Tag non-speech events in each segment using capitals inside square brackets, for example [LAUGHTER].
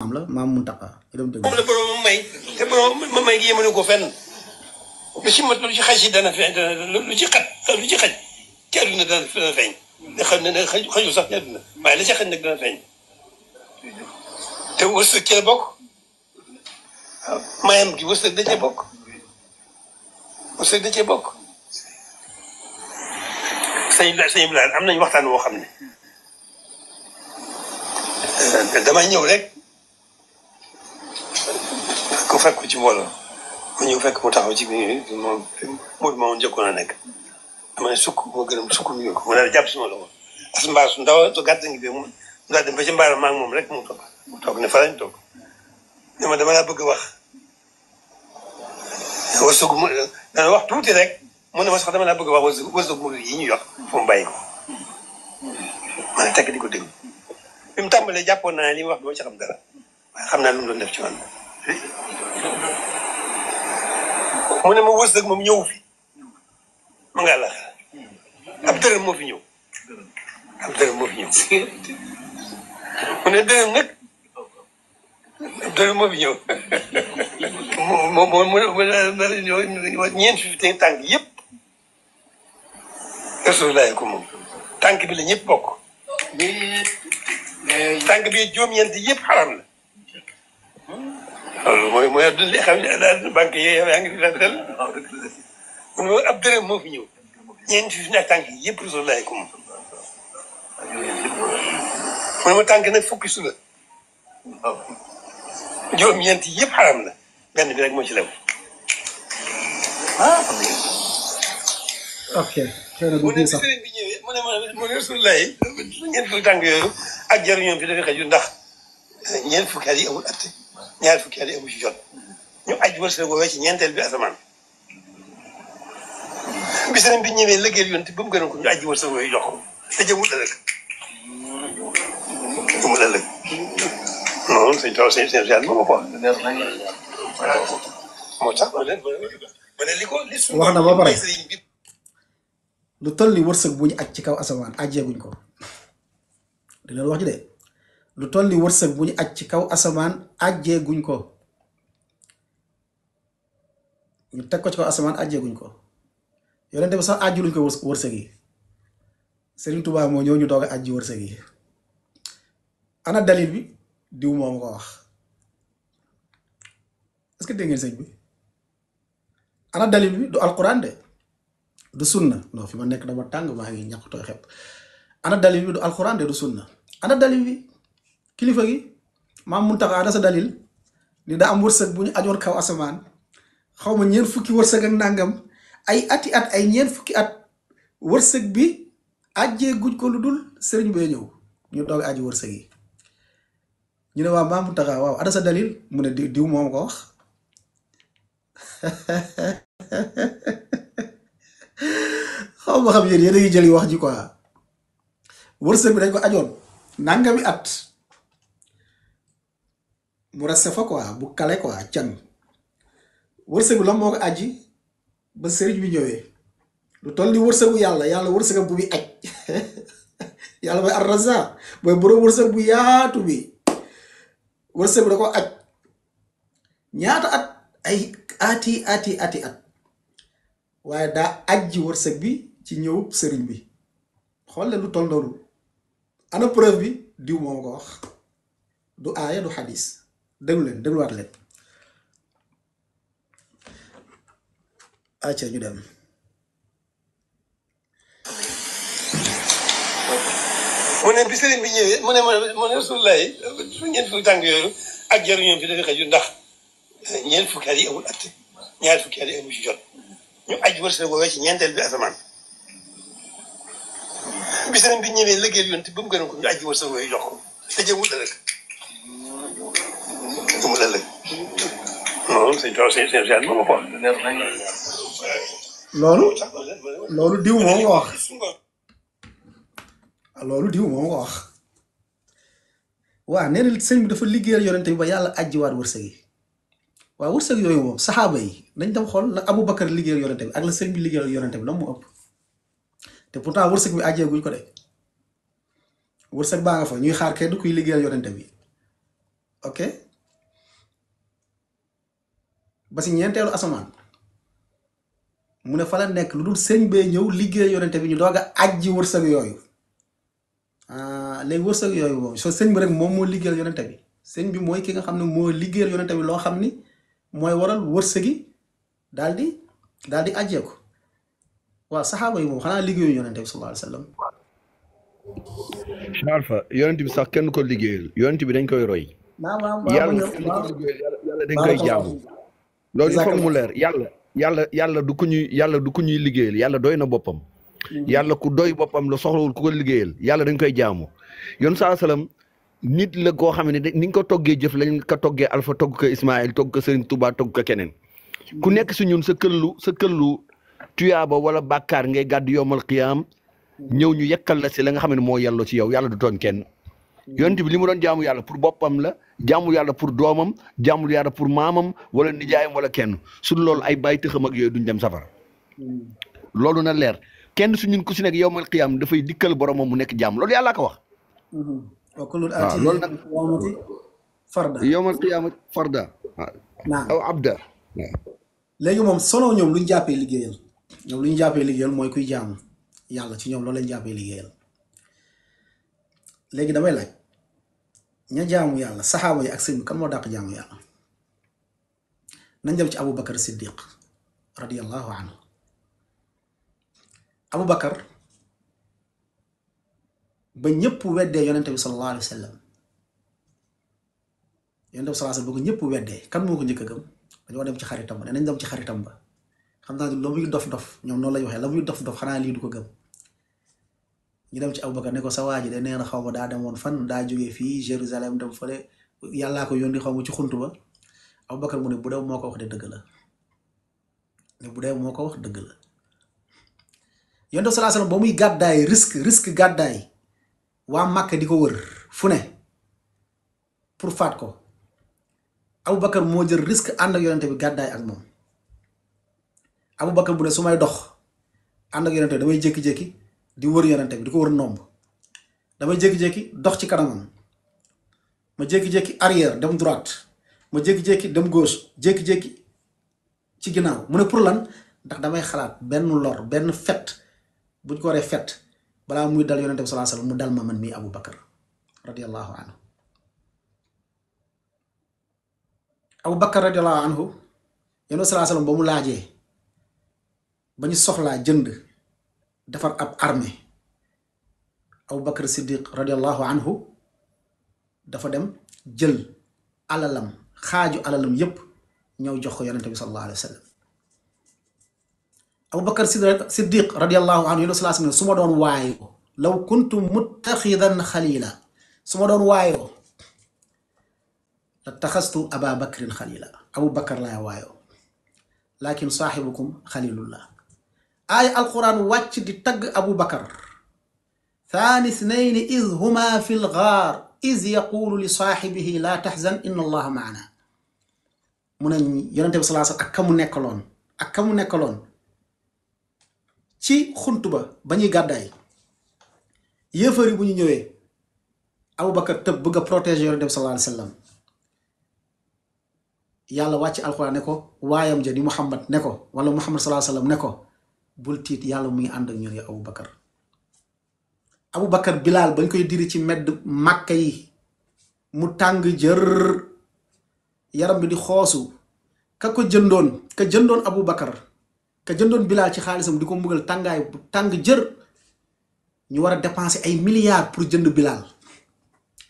am la maam Muntaqa moom la boroomam may te boroomam ma may yéemalu ko fenn lu ci mat lu ci xaj si dana feeñ lu ci xat lu ci xaj ci àdduna dana dana feeñ da xam ne xaju sax ci àdduna waaye la ci xaj nag dana feeñ te wërsëg ci la bokk mayam gi wërsëg da cee bokk wërsëg da cee bokk sëñ sëñ Ibrahima am nañ waxtaan woo xam ne damay ñëw rek fekk ci mbooloo ma ñëw fekk mu taxaw ci biir moom Modou maa a nekk. dama ne sukk ma gën a sukk mu yokk mu daal jàpp suma loxo as mbaar su ndaw su si ngi bi mu daal ba ci mbaar maa moom rek mu toog mu toog ne fa lañ toog ma dama laa bëgg wax. wasug mu dana wax tuuti rek mu ne ma a wax wasug mu yi ñuy wax fu mu ko ma ne tekk di ko déglu mu tàmbalee jàppoon naa li wax doo ci xam dara waaye xam naa mu doon ci man mu ne ma wërsëg moom ñëw fi mu nga la ab dërëm moo fi ñëw ab dërëm moo fi mu ne dërëm nag ab dërëm moo fi ñëw moom moom mu ne ñeent fi te tànk yëpp Rasulullah ko moom tànk bi la ñëpp bokk tànk bi juróom-ñeent yëpp xaram la loolu mooy mooy adduna li xam ne banque yi yaa ngi fi del mun moo fi ñëw ñeenti fi ak tànk yi yëpp rasul laay mu ne ma tànk nag fukki su la juróom ñeent yëpp xaram la benn bi rek moo ci lew ok mu ne sëriñ bi ñëwee mu ne ma ak jaru fi dafa xaju ndax ñeent ñaari fukki at yi amu ci jot ñu aj wërsëg woowee ci ñeenteel bi asamaan bi sëriñ bi ñëwee lëggéeyal yoon te ba mu gënoon ko ñu aj wërsëg woowee jox ko te jëmul ëllëg jëmul ëllëg noonu sëñ taw sëñ sëñ Fiat moo ko moo tax wax na ba lu toll wërsëg bu ñu aj ci kaw asamaan ajjeeguñ ko dina la wax ji de lu tolli wërsëg bu ñu aj ci kaw asamaan ajjee guñ ko ñu teg ko ci kaw asamaan ajjee guñ ko yonente bi sax ajji luñ ko wërsëg yi Serigne Touba mo ñoo ñu doga yi ana dalil bi diw mom ko wax est-ce que bi ana dalil bi du alquran de du sunna no fi ma nekk dama tang ma ngi ñakk toy xep ana dalil bi du alquran de du sunna ana dalil bi kilifa gi maam Muntaxa da sa dalil ni am wërsëg bu ñu ajoon kaw asamaan xaw ma ñeent fukki wërsëg ak nàngam ay ati at ay ñeent fukki at wërsëg bi ajjee guj ko lu dul sëriñ bee ñëw ñu doog aji wërsëg yi ñu ne waaw maam Muntaxa waaw ada sa wax [LAUGHS] xaw ma xam yéen yéen a ngi jël wax ji quoi wërsëg bi dañ ko ajoon nàngami at mu resté fa quoi bu kale quoi can wërsëgu la moo ko aji ba sëriñ bi ñëwee lu toll ni wërsëgu yàlla yàlla wërsëgam bu bi aj [LAUGHS] yàlla mooy arraza mooy borom wërsëg bu yaatu bi wërsëg bi da ko aj ñaata at ay ati ati ati at waaye daa ajji wërsëg bi ci ñëw sëriñ bi xool leen lu toll noonu ana preuve bi diw moom ko wax du aaya du xadis déglu leen dégluwaat leen acca ñu dem mu ne bi bi ñëwee mu ne mu ne Rasulullaay ñeent fukki tànk yooyu ak jaru ñoom fi dafa ndax ñeent fukki at yi amul jot ñu aj wërsëg woowee ci ñeenteel bi asamaan bi sëriñ bi ñëwee liggéey yonent ba mu gën a ko ñu aj wërsëg woowee jox ko te jëmul rek loolu loolu diw moo ko wax ah, loolu diw moo ko wax waa nee na sëñ bi dafa liggéeyal yonente bi ba yàlla ajjiwaat wërsëg yi waaw wërsëg yooyu moom saxaaba yi dañ dem xool la Abu Bakar liggéeyal yonente bi ak la sëñ bi liggéeyal yonente bi lan moo ëpp te pourtant wërsëg bi ajjeeguñ ko de wërsëg baa nga fa ñuy xaar kenn du kuy liggéeyal yonente bi ok ba si ñeenteelu asamaan mu ne fa la nekk lu dul sëñ bee ñëw liggéey yonente bi ñu doog a ajji wërsëg yooyu ah, léegi wërsëg yooyu moom so bi rek moom moo liggéeyal yonente bi sëñ bi mooy ki nga xam ne moo liggéeyal yonente bi loo xam ni mooy waral wërsëg yi daal di daal di ajjeeku waaw saxaaba yi moom xanaa liggéeyu yonente bi sallallahu alayhi wa sallam bi sax kenn ko liggéeyal yonent bi dañ koy roy. yàlla dañ koy jaamu. loolu il faut mu leer yàlla yàlla yàlla du ku ñuy yàlla du ku ñuy liggéeyal yàlla doy na boppam mhm. yàlla ku doy boppam la soxlawul ku ko liggéeyal yàlla dañ koy jaamu yoon saa salaam nit la koo xam ne ni nga ko toggee jëf lañ ko toggee Alpha togg ko Ismaël togg ko Serigne Touba togg ko keneen mhm. ku nekk si ñun sa këllu sa këllu tuyaaba wala bakkaar ngay gàdd yowmal qiyaam mhm. ñëw ñu yekkal la si la nga xam ne moo yelloo ci yow yàlla du tooñ kenn yonent li mu doon jaamu yàlla pour boppam la Jamul yalla pour domam jaamul yalla pour mamam wala nijaayam wala kenn su loolu ay bàyyi tëxam ak yoy duñ dem safar hmm. loolu na leer kenn su ñun ku ci nek yowmal qiyam da fay dikkel borom mu nek jam loolu yalla ko wax. Hmm. waaw loolu farda yow farda. aw abda. legi mom, solo ñom luñu jappé jàppee liggéeyal ñoom lu ñu jàppee liggéeyal mooy kuy jam yalla ci ñom loolu lañu jappé liggéeyal legi damay laaj. ña jaamu yàlla saxaaba yi ak sëñ bi kan moo dàq jaamu yàlla nañ dem ci abu bakar siddiq radiallahu anhu abu bakar ba ñëpp weddee yonente bi sallallahu alayhi wa sallam yonente bi sallallahu alayhi wa sallam ba ko ñëpp weddee kan moo ko njëkk a gëm dañoo dem ci xaritam ba ne nañ dem ci xaritam ba xam naa la muy dof dof ñoom noonu lañu waxee la muy dof dof xanaa lii du ko gëm ñu dem ci abubakar ne ko sa waaji de neena xawma daa demoon fan daa jóge fii jérusalem dem fële yàllaa ya ko yónni xawma ci xunt ba ah. abubakar mu ah. ne bu dee moo ah. ko wax de dëgg la ne bu dee moo ko wax dëgg la yonte salaa sallam ba muy gàddaay risque risque gàddaay waa màkk di ko wër fu ne pour faat ko abubakar moo jël risque ànd ak yonente bi gàddaay ak moom abubakar bu ne su may dox ànd ak yonente bi damay jékki-jékki di wër yang bi di wër nomb dama jékki jéki dox ci kanamam ma jékki jéki arrière dem droite ma jékki jéki dem gauche jékki jéki ci ginnaaw mune pour lan ndax damay xalaat benn lor benn fet buñ ko waree fet balaa muy dal yonente bi salaa mu dal ma man mii abou bakar radiallahu anhu abou bakar radiallahu anhu yonente salaa sallam ba mu laajee ba ñu soxlaa jënd defar ab armée Abu Bakr Siddiq radiallahu anhu dafa dem jël alalam xaaju alalam yépp ñëw jox ko yonente bi sallallahu alayhi wa sallam Abu Bakr Siddiq radiallahu anhu yonente sallallahu alayhi wa sallam su ma doon waayoo law kuntu muttaxidan xalila su ma doon waayoo la taxastu aba bakrin xalila Abu Bakr laa waayoo lakin saaxibukum xalilullah ay alquran wacc di tag abu bakar thani snaini iz huma Fil Ghar iz yaqulu li sahibihi la tahzan inna allaha maana munen ne bi salaa sallam ak akamu nekolon ci khuntuba bañi gaday yeufari buñu ñëwé abou abu bakar tëb bëgg protéger yonente bi salaa wasallam yalla wacc alquran ne ko wayam je di muhammad ne ko wala muhammad salaa wasallam ne ko bul tiit yàlla muy ànd ak ñun ya Abu Bakar Abu Bakar Bilaal bañ koy diri ci medd màkka yi mu tàng jër yaram bi di xoosu ka ko jëndoon ka jëndoon Abu Bakar ka jëndoon Bilaal ci xaalisam di ko mbugal tàngaay bu tàng jër ñu war a dépenser ay milliards pour jënd Bilaal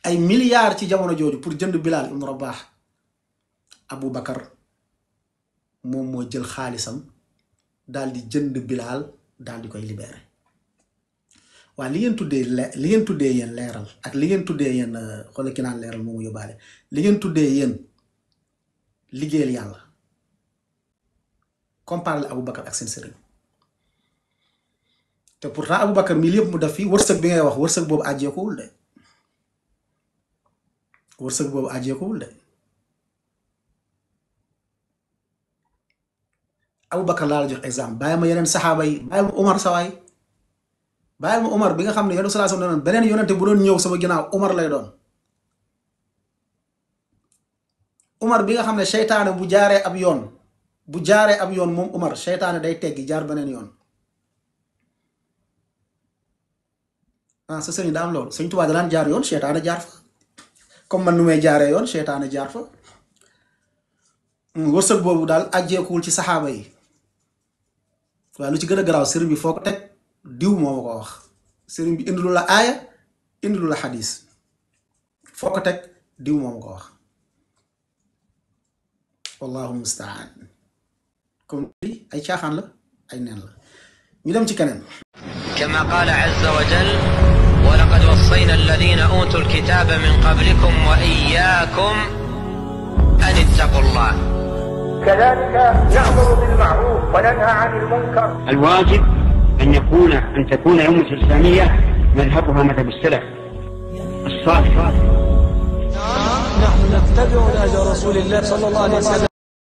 ay milliards ci jamono jooju pour jënd Bilaal ibnu baax Abu Bakar moom moo jël xaalisam daal di jënd bilaal daal di koy libéré waaw li ngeen tuddee li ngeen tuddee yéen leeral ak li ngeen tuddee yéen euh, xoolal ki naan leeral moomu yóbbaale li ngeen tuddee yéen liggéeyal yàlla comparé la Aboubacar ak seen sëriñ te pourtant Aboubacar mii lépp mu def fii wërsëg bi ngay wax wërsëg boobu àjjeekuwul de wërsëg boobu àjjeekuwul de. Aboubacar laa la jox exemple bàyyi ma yeneen saxaaba yi bàyyi ma Omar sawaay bàyyi ma Omar bi nga xam ne yoonu salaa sam doon beneen yonente bu doon ñëw sama ginnaaw Omar lay doon bi nga xam ne seytaane bu jaaree ab yoon bu jaaree ab yoon moom Omar seytaane day teggi jaar beneen yoon ah sa sëriñ daa am loolu sëñ jaar yoon seytaane jaar fa comme man nu may jaaree yoon seytaane jaar fa hmm, wërsëg boobu daal ajjeekuwul ci saxaaba yi waaye lu ci gën a garaaw sëriñ bi foo ko teg diw moo ma ko wax sëriñ bi indilu la aaya indilu la xadis foo ko teg diw moo ma ko wax wallahu mustaan comme li ay caaxaan la ay neen la ñu dem ci keneen كما قال عز وجل ولقد وصينا الذين أوتوا الكتاب من قبلكم وإياكم أن اتقوا الله كذلك نأمر بالمعروف وننهى عن المنكر الواجب أن يكون أن تكون أمة الإسلامية مذهبها مذهب السلف الصالح نحن نتبع الأجر رسول الله صلى الله عليه وسلم